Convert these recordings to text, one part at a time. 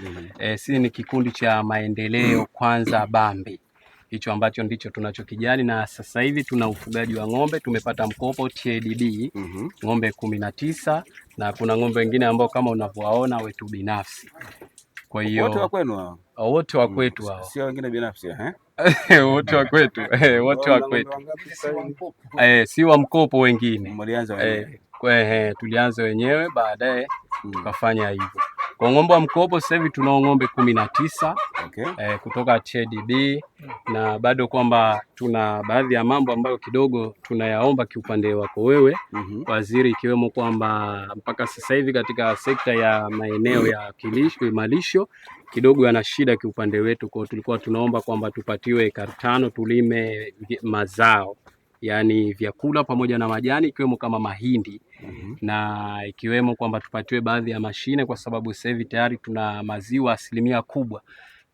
mm -hmm. E, sisi ni kikundi cha maendeleo kwanza Bambi, hicho ambacho ndicho tunachokijali, na sasa hivi tuna ufugaji wa ng'ombe. Tumepata mkopo TADB mm -hmm. ng'ombe kumi na tisa na kuna ng'ombe wengine ambao kama unavyowaona wetu binafsi kwa hiyo wote wa kwenu hao, oh, wote wa kwetu mm. hao, sio wengine binafsi eh, wote wa kwetu eh, wote wa kwetu eh, si wa mkopo wengine. Mlianza wenyewe eh, eh tulianza wenyewe, baadaye mm. tukafanya hivyo. Kwa ng'ombe wa mkopo sasa hivi tunao ng'ombe kumi na tisa okay. E, kutoka CHDB na bado kwamba tuna baadhi ya mambo ambayo kidogo tunayaomba kiupande wako wewe mm -hmm. Waziri, ikiwemo kwamba mpaka sasa hivi katika sekta ya maeneo ya kilisho, malisho kidogo yana shida kiupande wetu, kwa tulikuwa tunaomba kwamba tupatiwe ekari tano tulime mazao yaani vyakula pamoja na majani ikiwemo kama mahindi mm -hmm. na ikiwemo kwamba tupatiwe baadhi ya mashine, kwa sababu sasa hivi tayari tuna maziwa asilimia kubwa,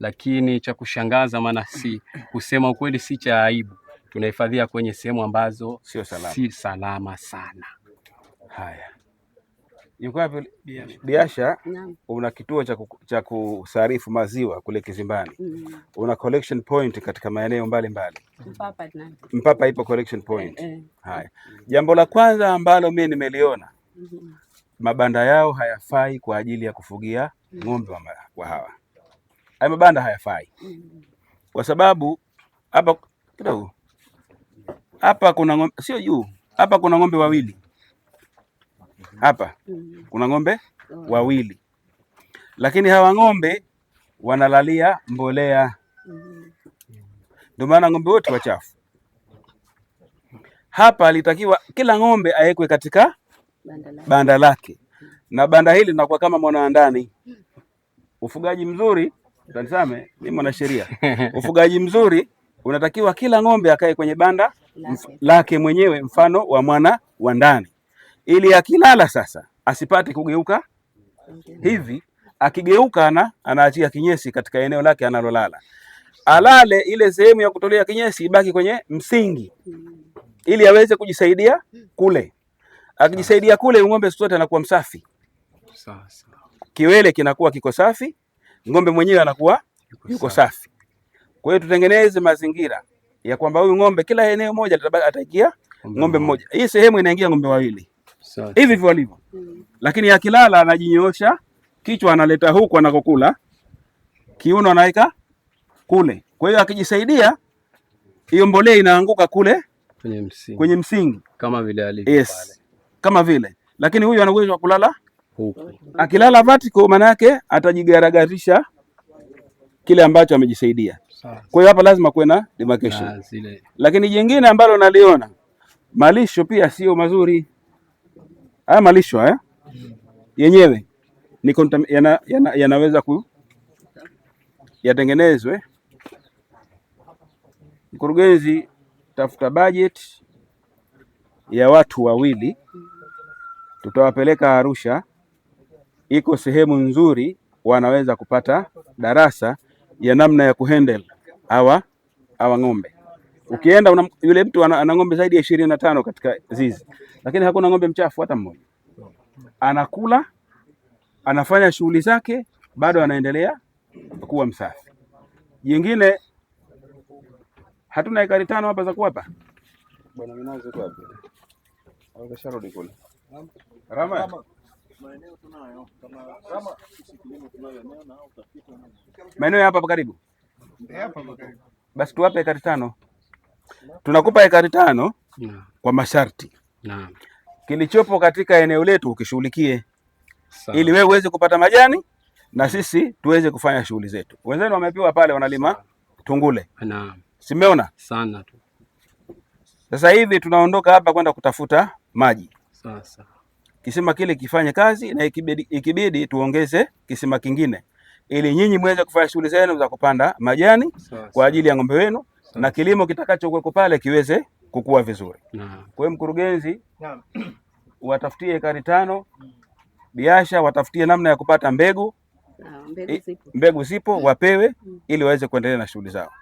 lakini cha kushangaza, maana si kusema ukweli, si cha aibu, tunahifadhia kwenye sehemu ambazo sio salama, si salama sana. Haya. Yuko Biasha una kituo cha kusarifu maziwa kule Kizimbani. mm. Una collection point katika maeneo mbalimbali Mpapa, Mpapa ipo collection eh, point eh, eh. Haya, jambo la kwanza ambalo mimi nimeliona mm -hmm. mabanda yao hayafai kwa ajili ya kufugia mm -hmm. ng'ombe wa hawa. Haya mabanda hayafai mm -hmm. kwa sababu hapa kidogo hapa kuna ng'ombe, sio juu hapa kuna ng'ombe wawili hapa mm. kuna ng'ombe oh. wawili, lakini hawa ng'ombe wanalalia mbolea mm. ndio maana ng'ombe wote wachafu. Hapa alitakiwa kila ng'ombe awekwe katika banda lake, mm-hmm. Na banda hili linakuwa kama mwana wa ndani. Ufugaji mzuri utanisame ni mwanasheria. Ufugaji mzuri unatakiwa kila ng'ombe akae kwenye banda lake mwenyewe, mfano wa mwana wa ndani ili akilala sasa asipate kugeuka hivi. Akigeuka ana anaachia kinyesi katika eneo lake analolala, alale ile sehemu ya kutolea kinyesi ibaki kwenye msingi, ili aweze kujisaidia kule. Akijisaidia kule, ng'ombe siku zote anakuwa msafi, kiwele kinakuwa kiko safi, ng'ombe mwenyewe anakuwa yuko safi. Kwa hiyo tutengeneze mazingira ya kwamba huyu ng'ombe kila eneo moja ataingia ng'ombe mmoja. Hii sehemu inaingia ng'ombe wawili hivi hivyo alivyo. Lakini akilala anajinyoosha kichwa, analeta huku anakokula, kiuno anaweka kule. Kwa hiyo akijisaidia, hiyo mbolea inaanguka kule kwenye msingi, kwenye msingi. Kama vile alivyo yes. Kama vile lakini huyu ana uwezo wa kulala huku. Akilala vertical, maana yake atajigaragarisha kile ambacho amejisaidia. Kwa hiyo hapa lazima kuwe na demarcation. Lakini jingine ambalo naliona malisho pia sio mazuri haya malisho haya eh? yenyewe ni yana, yana, yanaweza ku yatengenezwe. Mkurugenzi, tafuta budget ya watu wawili, tutawapeleka Arusha, iko sehemu nzuri, wanaweza kupata darasa ya namna ya kuhandle hawa hawa ng'ombe. Ukienda una, yule mtu ana ng'ombe zaidi ya ishirini na tano katika zizi lakini hakuna ng'ombe mchafu hata mmoja. Anakula, anafanya shughuli zake, bado anaendelea kuwa msafi. Jingine, hatuna ekari tano hapa za kuwapa bwana au kule Rama, maeneo ya hapa hapa karibu, basi tuwape ekari tano. Tunakupa ekari tano kwa masharti Naam. Kilichopo katika eneo letu ukishughulikie ili wewe uweze kupata majani na sisi tuweze kufanya shughuli zetu. Wenzenu wamepewa pale wanalima sana. tungule. Naam. Simeona? Sana tu. Sasa hivi tunaondoka hapa kwenda kutafuta maji. Sasa. Kisima kile kifanye kazi na ikibidi, ikibidi tuongeze kisima kingine ili nyinyi mweze kufanya shughuli zenu za kupanda majani sasa, kwa ajili ya ng'ombe wenu sasa, na kilimo kitakachokuwepo pale kiweze kukua vizuri. Kwa hiyo mkurugenzi, naam, watafutie ekari tano, biasha watafutie namna ya kupata mbegu. Mbegu zipo, mbegu zipo mm. wapewe, mm. ili waweze kuendelea na shughuli zao.